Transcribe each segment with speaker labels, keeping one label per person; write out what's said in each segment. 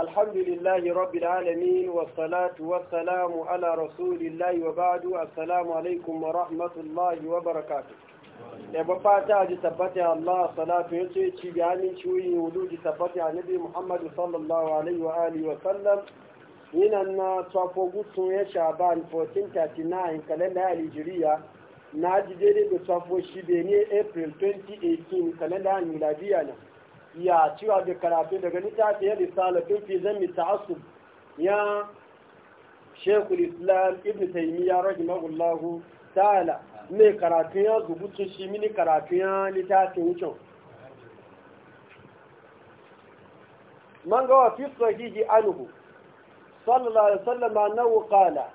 Speaker 1: الحمد لله رب العالمين والصلاة والسلام على رسول الله وبعد السلام عليكم ورحمة الله وبركاته yabo fata ji tabbata Allah salatu yace ci gamin ciwi wududi tabbata annabi Muhammad sallallahu alaihi wa alihi wa sallam yinan na tsafo gutu ya Shaban 1439 kalenda Algeria na ji daidai da tsafo shi ne April 2018 kalenda miladiya na ya cewa da karatu daga littafi ya risalatun fi zammi asu ya shekul islam ibn taimiyya rahimahullahu ta'ala mai karatu ya zubutu shi mini karatu ya littafin wucin man gawa fi sahihi anhu sallallahu alaihi wasallam annahu qala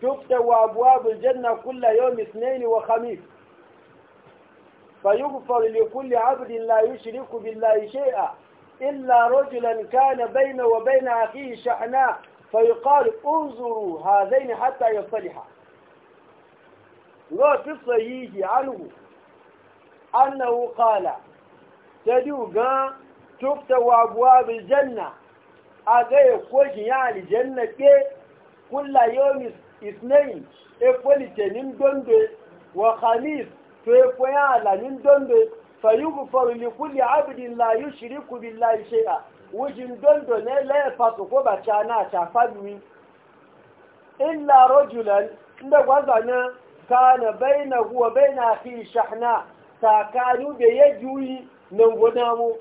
Speaker 1: tuftahu abwabul janna kulla yawm ithnain wa khamis فيغفر لكل عبد لا يشرك بالله شيئا إلا رجلا كان بينه وبين أخيه شحناء فيقال انظروا هذين حتى يصلحا وفي الصحيح عنه أنه قال تدوغا تفتوى أبواب الجنة أغير كوشي يعني الجنة كل يوم اثنين إفولي تنين وخميس to alamin dondo fayughfaru li kulli abdin la yushriku billahi shay'a wujin dondo ne la fasu ko ba cha na cha fadwi illa rajulan inda gwazana kana bainahu wa bain akhi shahna sakanu da yajuyi nan godamu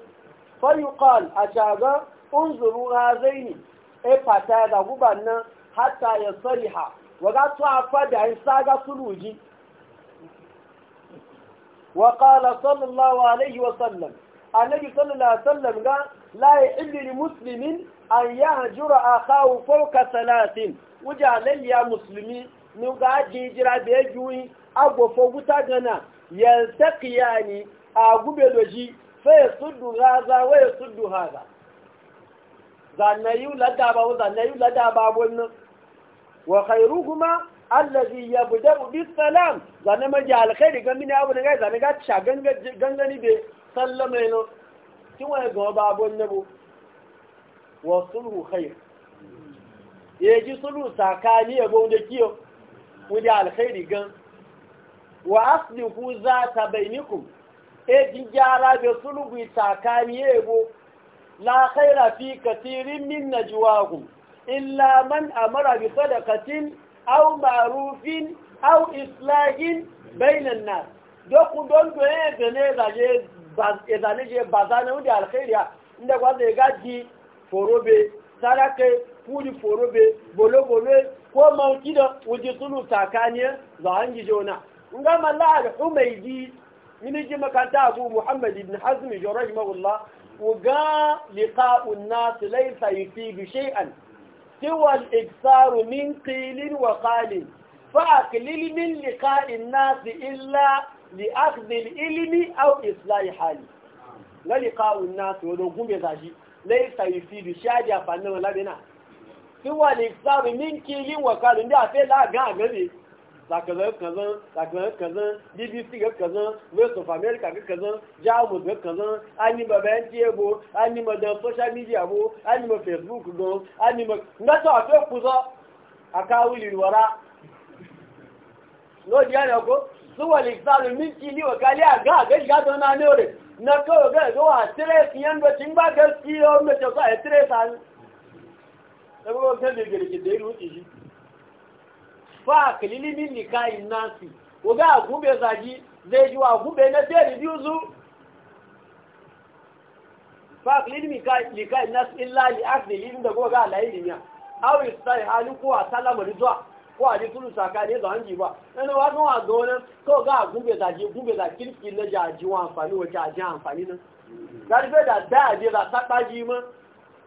Speaker 1: fayuqal ashaga unzuru hazaini e fata da gubanna hatta yasriha waga to afada in saga suluji وقال صلى الله عليه وسلم النبي صلى الله عليه وسلم قال لا يحل لمسلم أن يهجر أخاه فوق ثلاث وجعل يا مسلمين نقع جيجرا بيجوي أبو فوق تغنى يلتقياني أبو بيلوجي فيصد هذا ويصد هذا ذا نيو لدابا وذا نيو لدابا wa khairuhuma allazi yabda'u bis salam zane maji alkhairi gan mini abu da gai zane ga cha gangani be sallama no kin wani ga ba abun nabo wa sulhu khair ji sulhu sakani go da kiyo wudi alkhairi gan wa aslihu ta bainikum e ji gyara da sulhu sakani go la khaira fi katirin min najwahum illa man amara bi sadaqatin au marufin au islahin bainan nas dokun don doye gane zaje ezane je bazana wudi alkhairiya inda kwa zai gaji forobe sarake kuli forobe bolo-bolo ko mauki da wuje sulu takaniya za a hangi jona in ga malla da umaidi miniji makanta abu muhammad ibn hazmi joraj mawullah uga liqa'un nas laysa yusibu tiwal iksaru min qilin wa qalin fa aklil min liqa'in nas illa li akhdhil ilmi aw islahi hali la liqa'un nas wa dogun be zaji laysa yufidu shadi afanna la bina tiwal iksaru min qilin wa qalin da fe la ga gabe zakazan kazan zakazan kazan bbc ga kazan west of america ga kazan jamus ga kazan an yi ma bayan tiye bo an dan social media bo an facebook go an yi ma na ta a fe kusa a kawo lilwara no diya ne ko suwa liksalu min kili wa kali a ga ga ga don na ne ore na ko ga ga wa tire yan do tin ba ga ki yo me ta sa tire sa ne ko ga ne ga ki da ruci shi fa kalilimin nikahin nasi waga a gube zagi zai ji wa gube na zai biyu zu fa kalilimin nikahin nasi illa li asli lilin da goga alayi limiya awi sai hali ko a salama rizwa ko a ji tulu ne zan hanji ba ɗan wa kan wa ga ko ga a gube zagi gube za kirki na jaji wa amfani wace a ji amfani nan zarfe da da a je za ta ɗaji ma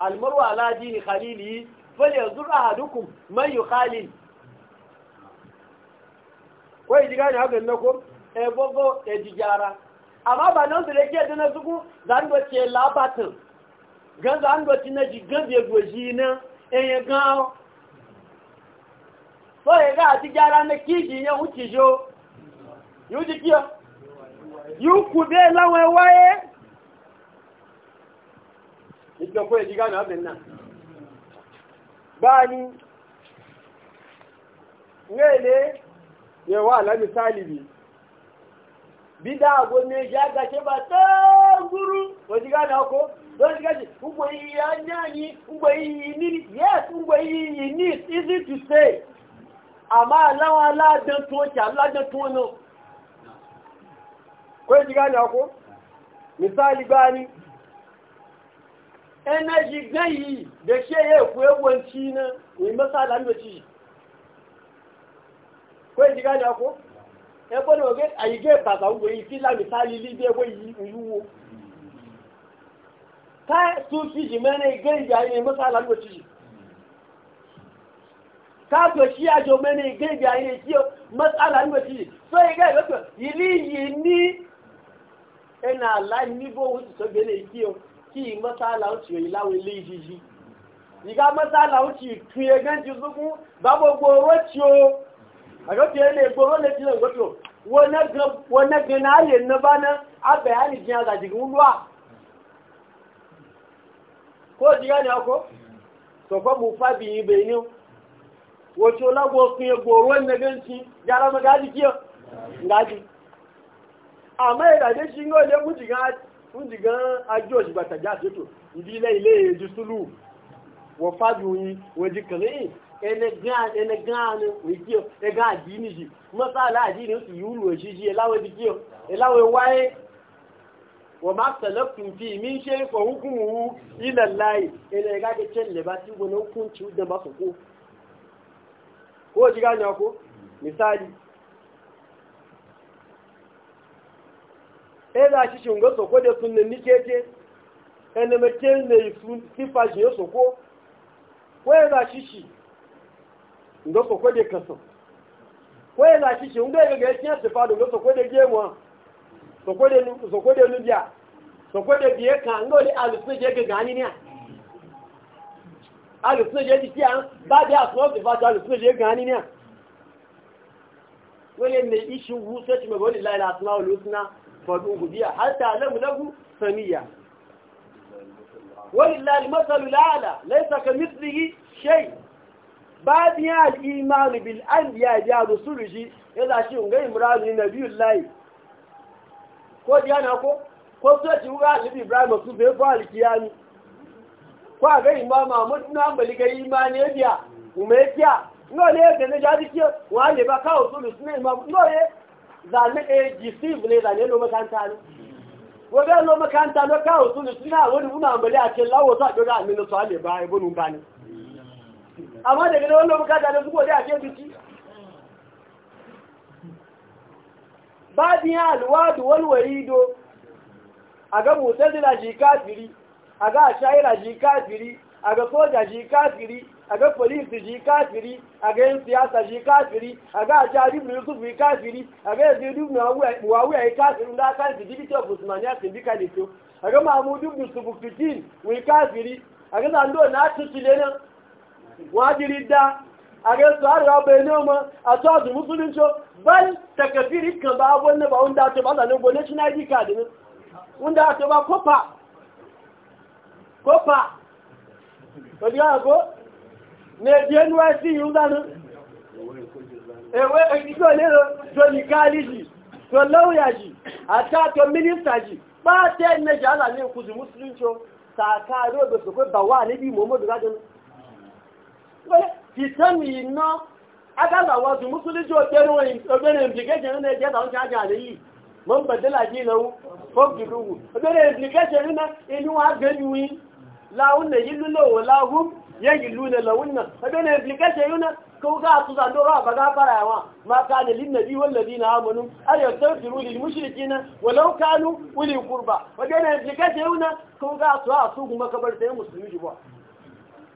Speaker 1: almarwa ala dini khalili fal yanzu ahadukum man yukhalil wai jiga ne haka na ko e gogo e eh, jigara amma ba nan su da ke dana suku zan do ce labatin gan zan do ci na jigan be goji na e ya ga so e ga jigara na kiji ya wuce jo yu jikiyo yu kube lawe waye ìjọ kó ẹ̀dí gánà ọ̀bẹ̀ náà báyìí ní èlé yawa la misali bi bida gome ya gace ba ta guru waje gane ko waje gace ugboyi ya nyani ugboyi yi yi ni yes ugboyi yi yi ni easy to say amma alawa aladan to ki aladan to no waje gane ko misali bani energy yi da shi ya kuwa wanci na mai masala da ci kó èjì gáàdì ọkọ́ ẹgbọ́n ni ọgẹ́ àyíké bàtà ń wòye sí lámì sáàlì líbi ẹgbẹ́ yìí ìlúwo ká tún fìjì mẹ́rin igé ìgbà yìí mọ́sá lálùwẹ̀ tìjì káàtò sí àjò mẹ́rin igé ìgbà yìí tí mọ́sá lálùwẹ̀ tìjì tó igé ìlọ́pẹ̀ ìlú yìí ní ẹnà àláì níbo òun ti sọ́gbẹ́ lè kí kí àjọ́tí ẹlẹ́ ìgbòho lè ti lọ́gbọ́tò wọ́n nẹ́gbẹ̀ náà lè ná bá ná abẹ̀ á lè jẹ́ àgàjìgún lọ́à kó jíra ní ọkọ́ sọ̀kọ́ mú fábì ibẹ̀ ní wọ́n tí ó lágbó fi gbòòrò ẹ̀mẹ́gbẹ́ ti yára mọ́ gáàjì kí ọ gáàjì àmọ́ ìràdé sí ní olè mú jìgán ajé àtútù ìdílé ilé wọ oyin wọ́n kàn lẹ́yìn ẹnẹgán wíkí ọ ẹgán àdínì jì mọ́sálà àdínì ó sì yìí rò ṣíṣí ẹláwẹ́ bí kí ọ ẹláwẹ́ wáyé wọ́n máa sẹ̀lẹ́kùn fi mí ṣe fọ̀húnkún wú ilẹ̀ láì ẹnẹ ẹgá jẹ́ tẹ́lẹ̀ bá tí wọn kún tí ó dẹ̀mbà sọ̀kó kó jí ká yàn kó misali ẹ̀dà ṣíṣe ǹgọ́ sọ̀kó dẹ̀ tún lè ní kéèké ẹnẹmẹ̀kẹ́ lè fún sífà ko, sọ̀kó kó ẹ̀dà ndo so kwade kaso ko ya zaki shi ndo ga gaci ya tafa ndo so kwade gemwa so kwade so kwade nu biya so kwade biye ka ndo li alusu je ga gani ne alusu je di kiya ba da so ti fa alusu je gani ne wale ne ishi wu sai me goli la ilaha illa lusna fa du biya ta lam lahu samiya ولله المثل الاعلى ليس كمثله شيء babiyan al'imanu bil an biya biya shi ya zashi unga imrani na biyu lai ko diana ko ko so ci wuga ibrahim su bai fa alkiyami ko a ga imam ahmad na ambali ga imani ya biya kuma biya no ne ya ne jadi ki wa ne ba ka usulu sunne imam no ne e ne lo makanta ne lo makanta lo ambali a ce lawo amma daga nan wannan bukata da zuwa da ake biki badiya alwadu wal warido aga mutazila ji kafiri aga shaira ji kafiri aga soja ji kafiri aga polisi ji kafiri aga yin siyasa ji kafiri aga ajari ibn yusuf ji kafiri aga yazidu ibn muawiya ji kafiri da aka yi jibiti of usmaniya sindika ne to aga mahmudu ibn subukitin wi kafiri aga zando na tutule nan wajiri da a ga su har rabe ne ma a to azu musulunci bal kan ba wanda ba wanda to ba zanen gole shi na yi ka da wanda to ba kofa kofa ko diga ko ne dnyc yunga ewe ekigo le to ni kaliji to lawyer ji ata to minister ji ba te ne jala ni kuzu musulunci ta ka ro pé fìtẹ́mì iná agálàwọ̀dù mùsùlùmí obìnrin implication ní ẹjẹ́ tàwọn ṣáájú àlẹ́ yìí mọ́ ń bẹ̀dẹ́là ní yìí fara ní ayọ̀ tó náà kánú kúrbà náà makabarta yẹ́ musulmi jùbọ́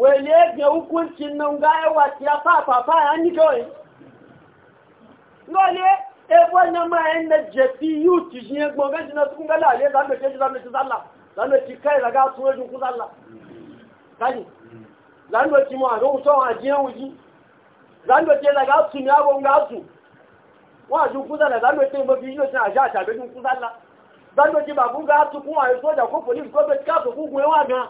Speaker 1: wele ga hukuncin nan ga yawa ya fa fa fa ya ni kawai ngole e wannan ma yan da jefi yu ti je gbo ga jina tun ga lale da ga jeji da zalla kai daga su ne ku zalla kaji mu a ro so a je wuji dan ne daga su ni abo ga su wa ku zalla dan ne ti mo bi yo ta aja ta ku zalla ga su a ko police ko be ka so gan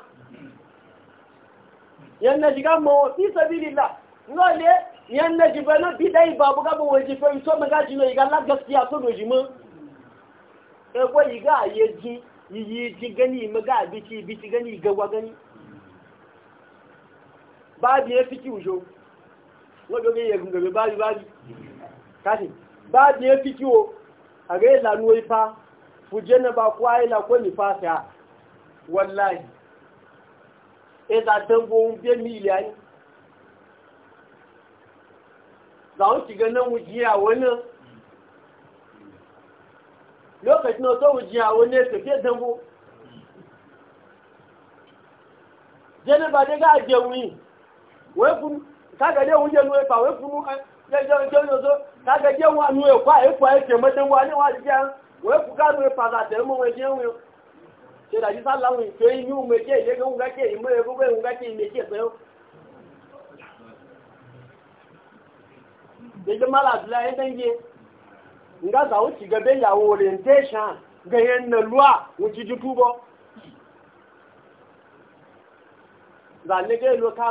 Speaker 1: yanna jiga mawa fi sabilillah ngole yanna jibana bidai babu gaba waje fa so maga jino iga la gaskiya so doji mu e ko iga yeji yi ji gani maga bici bici gani gawa gani ba bi e fiki ujo wodo ge yegun gabe ba bi ba bi kasi ba bi e fiki o aga e la nuwa ifa e fujena ba kwa ila e ko ni fasa wallahi eza dambo ohun bie mi ilẹ̀ ayé làwọn ti gan náà wù jí àwọn náà lókàtí náà tó wù jí àwọn náà ètò bíẹ́ dambo jẹ́nẹ́bà gáà jẹun yìí wọ́n fún kágàdé òun jẹ́nu ẹ̀fà wọ́n fún kágàdé òun àánú ẹ̀kọ́ àìkọ́ àìkẹ́ mọ́tẹ́wọ́ aníwájú jẹ́ wọ́n fún káàdùn ẹ̀fà àtẹ̀mọ́ wọn jẹun yìí ṣe dàjú sá láwọn ìpé inú méjì ìlégé ń ìmọ̀ ẹgbẹ́ ń gájé méjì ẹ̀fẹ́ ó. Dèjé má Nga ó ti ìyàwó orientation gẹ̀yẹ ń nàlú à ó ti di túbọ̀. Zàlégé ló ká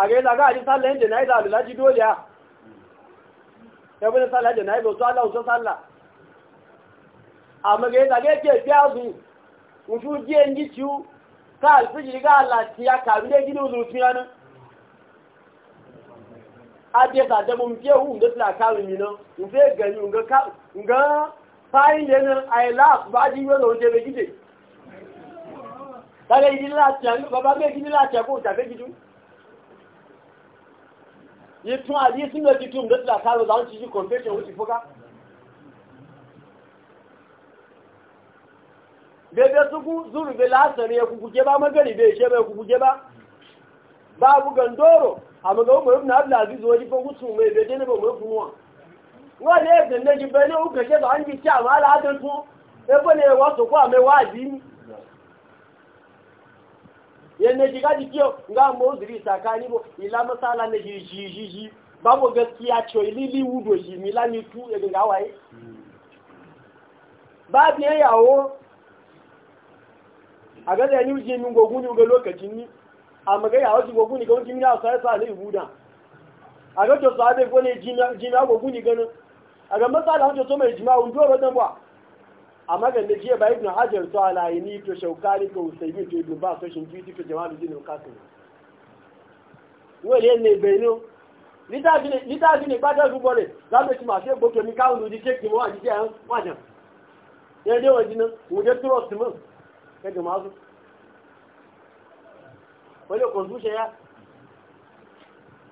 Speaker 1: a ga yana ga a ji sallah yin jana'iza a lulaji dole ya yabi na sallah ba wasu allah wasu sallah amma ga yana ga yake biya su wusu jiyan ji ciwu ta alfijiri ga allah ci ya karu da gini wuzu ciya nan a je ta dabu mfiye hu da suna karu ni nan mfiye gani nga fayin da yanar i laugh ba ji yi wani wajen bai gide. Tare yi láti àgbà bá bẹ́ẹ̀ kí ní gidi. Yi tún àdí sínú ẹ̀kí tún da ti là sáré láwọn ti ṣí confession ó ti fọ́ká. su ku zuru bẹ́ẹ̀ lásán ẹkùnkù jẹba mọ́gẹ́rì bẹ́ẹ̀ ṣẹ́ bẹ́ẹ̀ ẹkùnkù jẹba báàbù gandoro àmọ́gá ó mọ̀rún na bíláàbí zuwa jí fún kútù mai bẹ̀ẹ́ jẹ́nà bọ̀ fún wọn wọ́n lè ẹ̀sìn lẹ́jì bẹ́ẹ̀ ní ó kẹ̀ṣẹ́ bá ń bí tí àmọ́ aláàdẹ́ fún ẹgbẹ́ ni ẹwà sọ̀kọ́ àmẹ́wà àdínì yana shiga jiki yau ga mozuri tsakani bo ila masala na jijiji babu gaskiya cewa lili wudo shi milani tu e e ya dinga waye ba biya yawo a gaza ya niwuje min gogu ne ga lokacin ni a magana yawo ji gogu ne ga wajen yawo sai sa zai e buda a ga to sa zai gone jina gogu ne ganin a ga masala wajen so mai jima'un dole dan ba amma ga da jiya ba ibn hajar to alayini to shaukari to usaimin to ibn ba to shin kiti to jama'a dinin kasu wole ne beno litafi ne litafi ne ba ta rubo ne za mu ci ma sai boke mi kawo ji ce ki mu aji ce an wajen ya dai wajen nan mu da trust mun kaga mazu wole confusion ya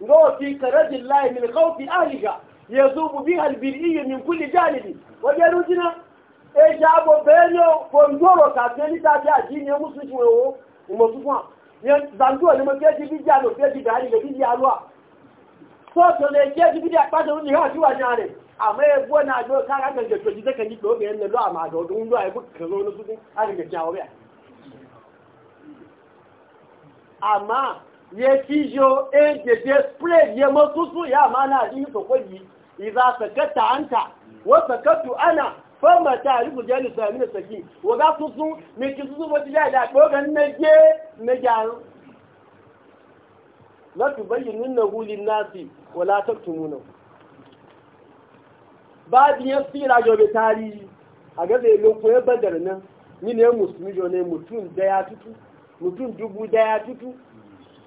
Speaker 1: روتي كرد الله من خوف أهلها يذوب بها البرئي من كل جانب وجنودنا إجابة بينه فندورو كاتيني تابع جيني مسلم وهو ومسلم zanduwa ni mo kéjì bídí àlò kéjì dárí lè bídí àlúwà sọ́ọ̀tọ̀ lè kéjì bídí àpáta ní ìhà tí wà ní àrẹ̀ àmọ́ ẹgbọ́ náà ló kára gẹ̀gẹ̀ tó jí tẹ́kẹ̀ nípa obìnrin lè lọ àmà àdọ̀ ọdún lọ àìbú kẹrọ olóṣùdín àrẹ̀gẹ̀gẹ̀ àwọn rẹ̀ àmà ya kijo e da spread ya masusu ya mana din ka kwaji iza sakata anta wa sakatu ana fa ma ta'rifu jali samin saki wa ga susu me ki susu wata ya da ko gan na je na jaru la nuna lin-nasi wa la ba babu ya tsira jobe tarihi a gaza ilo koyar badar nan ni ne musulmi jo ne mutum daya tutu mutum dubu daya tutu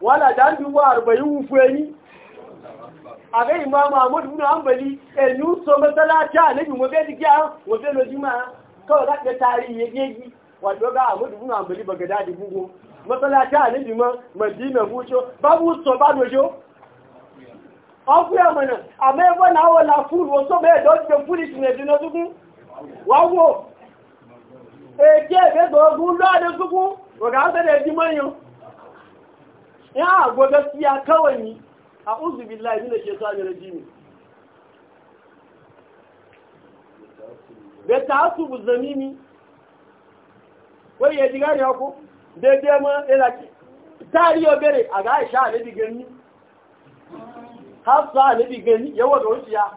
Speaker 1: wala da bi wa arba'in wufeni a ga imam ahmad ibn hanbali e nu so masalaci annabi mo be diga mo be lo juma ko da da tarihi yeji wato ga ahmad ibn hanbali baga dadi bugo masalaci annabi ma madina bucho babu so ba dojo ọkùnrin ọmọnà àmọ́ ẹgbọ́n náà wọ́n la fúlù wọ́n sọ́bẹ̀ ẹ̀dọ́ ti fúlù ìsìnlẹ̀ ìdínà dúkú wọ́n wò èké ẹ̀gbẹ́gbẹ̀ ogun lọ́ọ̀dẹ́ dúkú ọ̀gá ń tẹ́lẹ̀ ẹ̀dí mọ́yàn ya go gaskiya kawai ni nuna billahi sa shaitani rajim da bu zamini wai ya ji gani ko da ya ma ila tariyo bere a ga Aisha a bi gani Hafsa a bi gani yawa ga ya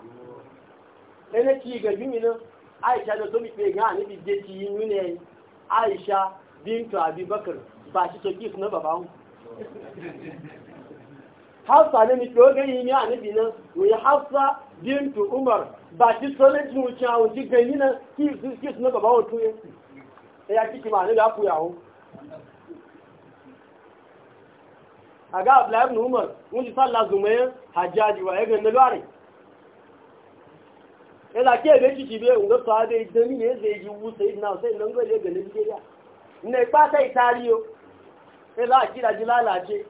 Speaker 1: ene ki ga gimi ne Aisha da zomi pe ga ne bi je yi ne Aisha abi bakar ba shi to kif na babawo hafsa ne ni to gani ni anabi nan wa hafsa bintu umar ba ti so le tun cha o gani nan e ki ki sunu baba o tuye e ya kiki ma ne ga ku yawo ga abla ibn umar mun ji sallah zumaye hajjaji wa na nalware e da ke be kiki unga ngo sa de dani ne zai ji wu sai na sai nan go le ga ne bi ya ne pa sai sai za a kira ji lalace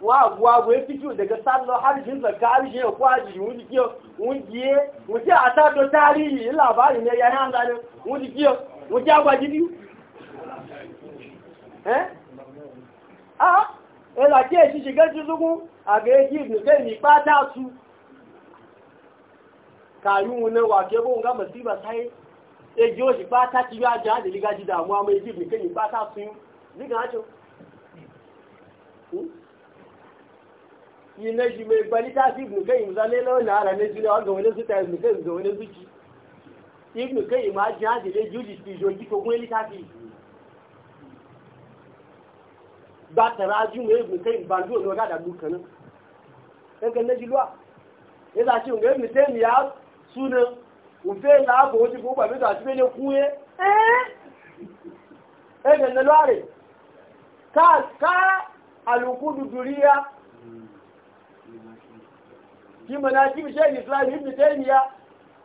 Speaker 1: wa abuwa bu ya fito daga sallo harshen zaka harshen ya kwaji wuni kiyo wungiye wuce a sado tarihi in labari ne ya yan zanen wuni kiyo wuce agwaji biyu eh a ila ke shi shigar jizugu a ga yake ibn kai ni fata su kayu ne wa ke bon ga masiba sai e jo shi fata ti ya ja da liga ji damuwa mai ibn kai su liga yi na shi mai kwalita su ibn kai misali lawan na ara na jira wanda wani su ta ibn kai da wani zuci ibn kai ma ji hadi le juji ti jo ji ko gwe litafi ba ta raju mai ibn kai ba ndo no ga da dukkanin kan kan na jilwa ya za ci ngai ibn alukudu duriya kí mọ̀ náà kí bí ṣe ìsìláì ní ìtẹ́niyà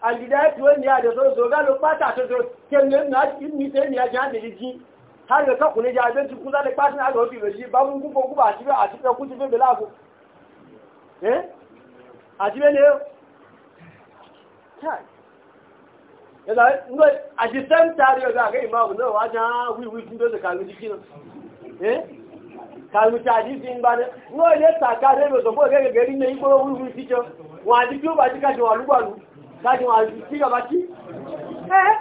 Speaker 1: alìdáyàtì wọ́n ni àdẹ̀sọ́sọ́ gálò pátàtọ́sọ́ kẹlẹ̀ náà ìtẹ́niyà jẹ́ àdẹ̀lẹ̀ jí hálẹ̀ sọ́kùnrin jẹ́ àgbẹ́ ti kú láti pátí láti ọdún ìrẹ̀sí bá mú gúgbò gúgbà àti ẹkú ti fẹ́ bẹ̀láàbò ẹ́ àti bẹ́ẹ̀ ni ó àti sẹ́ńtà rí ọ̀gá àgẹ́ ìmáàbù náà wájá wíwí fún tó kàlùtà àdíjì ń gbaná ní olè tàkà lẹ́nu ọ̀sọ̀gbọ́ gẹ́gẹ́gẹ́ rí ní ìgbóró wúrú síjọ wọn àti kí ó bá jí kájọ wà lúgbàlú kájọ wà sí ọba kí ẹ́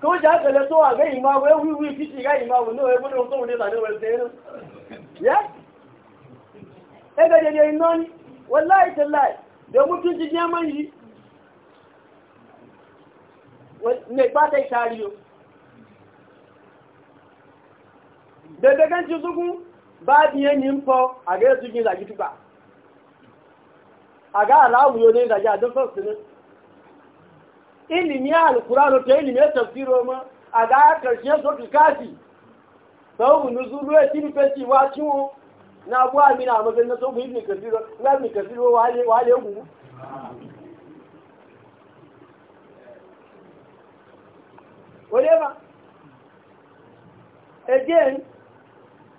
Speaker 1: kí ó jẹ́ àtẹ̀lẹ́ tó wà gẹ́ ìmáwé wíwí fíjì gá ìmáwé náà ẹgbẹ́ tó wọlé tàbí wọ́n ṣe é yẹ́ ẹgbẹ́ dẹ̀dẹ̀ iná ni wọ́n láì tẹ̀ láì lẹ́mú tún ti jẹ́ mọ́ yìí nípa tẹ̀ ìtàrí o bẹ̀bẹ̀ báàbí ẹni ń aga àgẹ́rẹ́ tó jí ìdàjí túgbà àgá aláwùyọ ní ìdàjí àdọ́fẹ́sì ní ìlìmí alùkùránù tó ìlìmí ẹ̀tọ̀ sí roma àgá kẹrìṣẹ́ sókè káàkì sọ́wọ́ nùzúrú ẹ̀tí ní pẹ́ sí wá tí wọn ní abúlé àmì náà mọ́fẹ́ ní sọ́wọ́ ìbìnì kẹfìrọ lẹ́bìnì kẹfìrọ wà lé wù Again,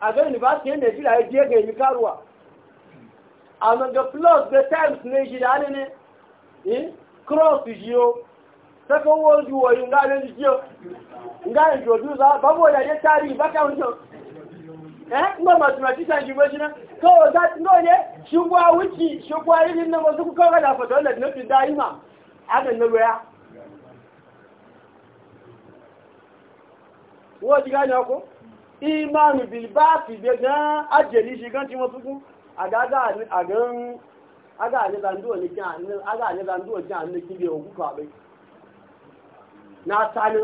Speaker 1: a ga university ne jira ya je ga yi karuwa amma ga plus da times ne shi da ne eh cross jiyo saka wo juwo yin ga ne jiyo nga introduce ba babo da ya tari ba ka hunto eh ngba mathematician ji bojina ko za ngo ne shugwa wuci shugwa irin na wasu ku kawo da fata wannan nufin daima haka na goya wo ji gane ko imanu bilbati be gan ajeli shi gan tí wọ́n fún aga ale aga ale zandu jan ne kibe ogu to na tanu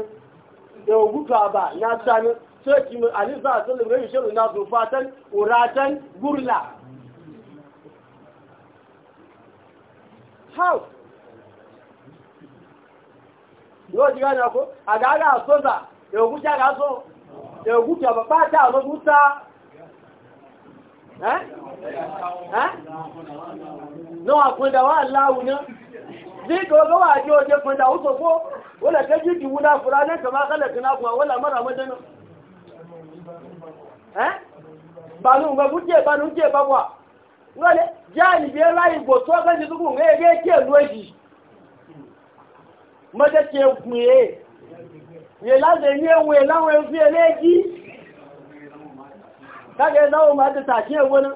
Speaker 1: ya e ogu to na tanu So, ki mu ali za sallu rai shiru na uratan gurla how yóò jí na kó àgágà sóza èògùn ya a ga so e da huta ba ba ta ba huta eh eh no akwenda wa Allah ne ziko ga wa jo je kwenda uso ko wala kaji ki wuda furana kama khalaqna ku wala mara madana eh banu ga guje banu je babwa ngale jani bi rai go to ga ji dugu ngege ke loji mada ke kuye yẹ láti ní ẹwọ ìláwọn ẹfí ẹlẹ́ẹ̀kí káàkiri láwọn máa ti tàkí ẹwọ náà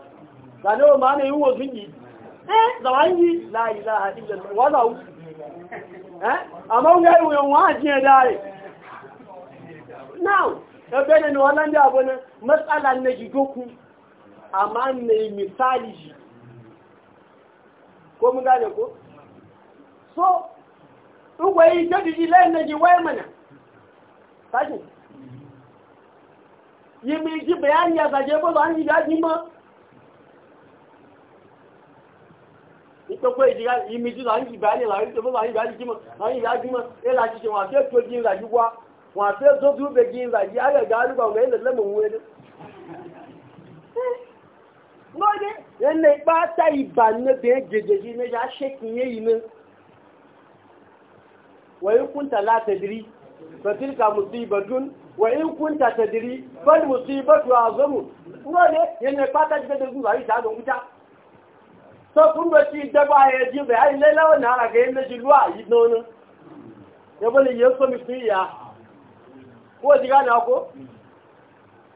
Speaker 1: tàbí o máa ní ìwò tún yìí ẹ́ zàwá ń yìí láìlá àti ìjẹ̀lẹ̀wọ́láwú àmọ́ ń gẹ́ ìwò wọn àti ẹ̀dá rẹ̀ now ẹgbẹ́ nínú ọlọ́ndẹ́ àbọ́nà mẹ́sàlá nẹ́jì gókú a máa ń nẹ́ ìmìsáàlì yìí kó mú gáàlẹ̀ kó so ń wẹ́ ìjẹ́ kashi yi mai ji bayani ya zaje ba za yi daji ma ita kwa ìdíra imi tí láàrín ìbáyé láàrín tó bọ́ láàrín ìbáyé yi láàrín ma ẹlà ṣíṣe wọn àfẹ́ tó jíńlá yí wá wọn àfẹ́ tó dúró bẹ jíńlá yí ayẹ̀gá alúgbà ọ̀gá ilẹ̀ lẹ́mọ̀ òun ẹni. lóde ẹnlẹ ipá tá ìbà níbi gègé yìí ní yá ṣèkìyẹ yìí ní wọ́n yóò kúntà látẹ̀dírí فتلك مصيبة wa in kunta tadri fal musibatu azamu ngole yene pata de de zuwa ita don kuta so kun ba ci da ba ya ji ba ai lela wannan ara ga yene ji yi nono ya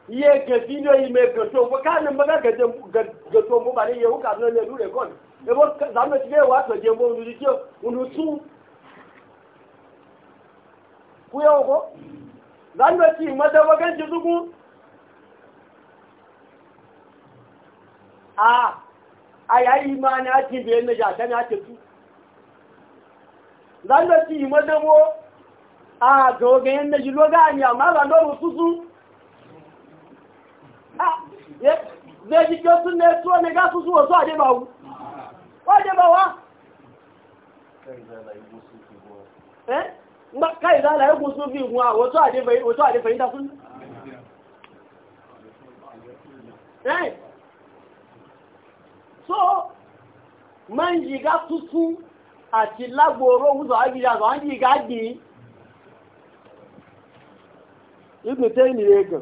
Speaker 1: iye yi me ko to ko kan mun ga ga ga to kuyo ko zan da ci mata bakan zugu a a yayi imani a cikin bayan na jata na ake su zan da ci mata a ga ogayen na jilo ga ni amma zan da rusu su a zai ji kyau sun ne suwa ne ga su suwa su a dai bawu ko dai bawa eh kai za la yaku sun bi kuma wato a dai wato a dai fahimta sun eh àti lágbòrò òwúzọ̀ àgbìyà àwọn àjíga gbìí ibùn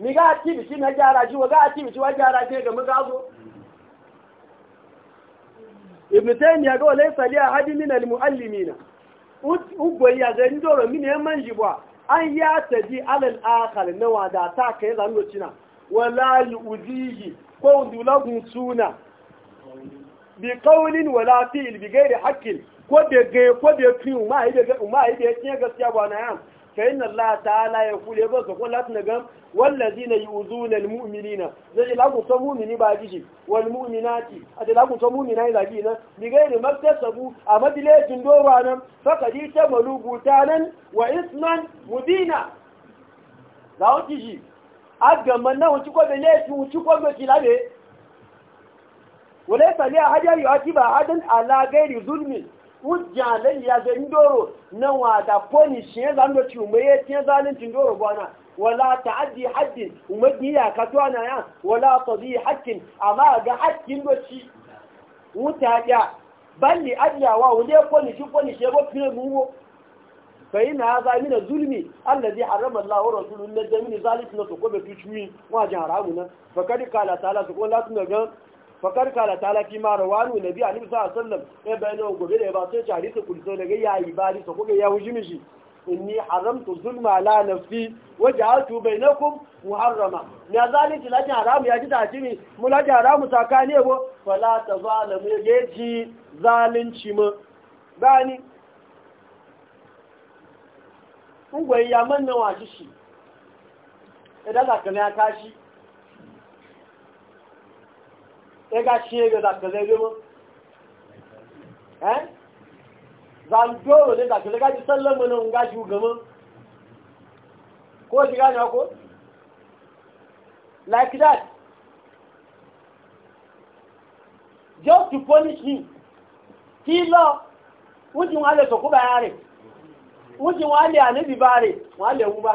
Speaker 1: mi ga activity na gyara shi wa ga activity wa gyara shi ga mugazo ibn ya ga wala sali ahadi min al muallimina ugoyi ya zai ndoro min 'yan manji ba an ya al al akhar na wa da ta kai lo cina wala yuzihi ko gun suna bi qawlin wala fi'l bi ghairi haqqin ko de ge ko de fi ma ide ma yi da gaskiya ba na yan فإن الله تعالى يقول يبقى تقول لاتنا نقام والذين يؤذون المؤمنين زي لكم تمؤمني باجيجي والمؤمنات أدي لكم تمؤمنين إلى جينا بغير ما اكتسبوا أما دليت دورنا فقد يتملوا بوتانا وإثما مدينة لا تجي أقام أنه تقول بليت وتقول بكلابه وليس لأحد يعتبر أحدا على غير ظلمه hujja layya da indoro na wada poni shi ya zama ci umaye tiyan zalincin doro bana wala ta'addi haddin umaji ya ka to ana ya wala tadi hakkin amma ga hakkin doci wuta ya balli adiyawa wunde poni shi poni shi ba fire mu fa ina zulmi allazi harrama Allah wa na to ko be tuci wa na fa kadi kala fakar kala ta lafi mara wani nabi a nufisa sallam ya bayan yawon gobe da ya ba sai ci hadisa kulso daga ya yi bari sa kuka ya wuji mishi inni haramtu zulma la nafsi wa ja'altu bainakum muharrama ya zalunci lakin haramu ya ji tashi ne mu lakin haramu sakani yabo fala ta zalamu ya ji zalunci mu gani ungwai ya manna wa shi idan ka ya tashi ega shi ga da kale yo eh zan do ne da kale ga ji sallama nan ga ju gama ko ji gane ko like that just to punish him kí lọ wọ́n ti wọ́n lè sọ̀kú bá rẹ̀ wọ́n ti wọ́n lè àníbì bá rẹ̀ wọ́n lè wú bá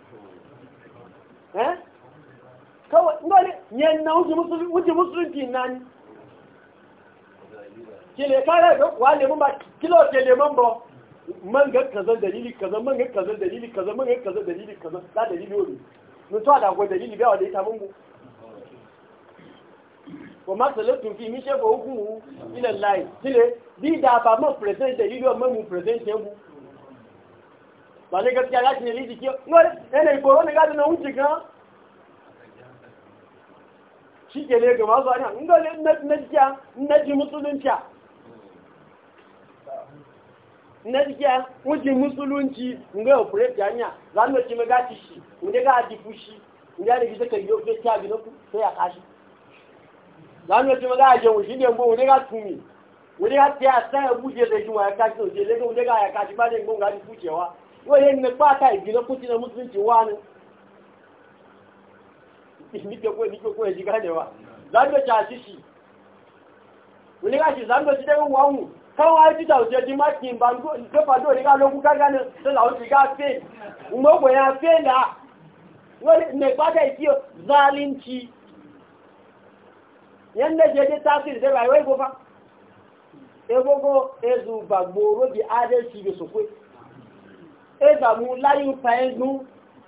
Speaker 1: kawai ngole yen na wuce musulunci wuce musulunci nan kile kare da wale mun ba kilo kile mun ba man ga kaza dalili kaza man ga kaza dalili kaza man ga kaza dalili kaza da dalili wuri mun to da go dalili ba wanda ita mun mu wa ma salatu fi mi shefa hukumu ila Allah kile bi da ba mu present dalili wa mu present yanku ba ne gaskiya lati ne lidi kiyo ngore ne ne ko ne ga da na wuce kan shi ke ne ga masu hanyar ngole na jiya na ji musulunci na jiya wuce musulunci nga ya fure ta hanya za mu ci maga ci shi inda ga di fushi inda da bisa kan yau ta bi ku sai ya kashi za mu ci maga ajin wushi ne mu ne ga tumi wani ya ta sai ya buje da shi wa ya kashi to je le ga ya kashi ba ne ngonga di fucewa yau ne ne ba ta ibi na kuti na musulunci wani Ni ko nike ni ya ji ganewa zan da ta shi shi wani ga shi zan da shi daga wawu wa ji ji da ni ka gane sai lawo ji ga fe mo da wani ne ba ta yi zalunci yanda je je tasiri da rayuwar gofa egogo ezu bagboro bi adesi bi sokwe ezamu layu pa egun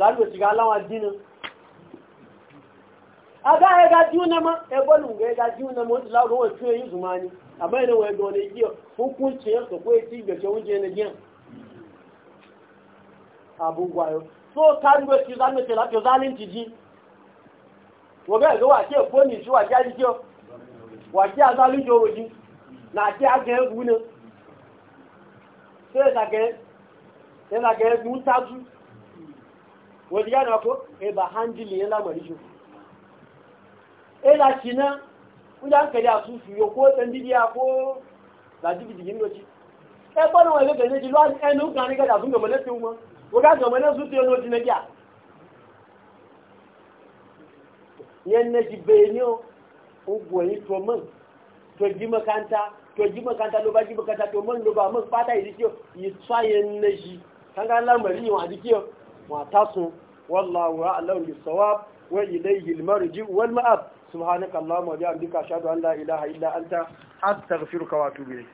Speaker 1: zanu shiga alawa dinin aga ya ga juna ma ebolu ga ya ga juna ma wanda lagun wasu yi zumani amma yana wai ga wani ya sako ya ci ga na gwayo so kari ba si zanu ce lafiya zalunci ga ko ni a a na aga gune wọ́n yá náà kó ẹbà handili yẹn lámàrí jù ẹlà ṣì náà ń já ń kẹ̀lẹ̀ àtúnṣù yóò kó ẹndídí àkó làdíbìdì yìí lọ́tí ẹgbọ́n náà ẹgbẹ́ kẹ̀lẹ́ jù lọ ẹnu kan ní kẹ̀lẹ́ àtúnṣù gọ̀mọ́lẹ́ fi wọn wọ́n ká gọ̀mọ́lẹ́ sún ti ọ̀nà òdìnà jà yẹn ní ti bẹ́ẹ̀ ní ogun ẹ̀yìn tó mọ́ tó jí mọ́kántá tó jí mọ́kántá ló bá jí mọ́kántá tó mọ́ ló watasu wallahu a'lam bis-sawab wa ilayhi al-marji wal ma'ab subhanakallahumma wa bihamdika ashhadu an la ilaha illa anta astaghfiruka wa atubu ilayk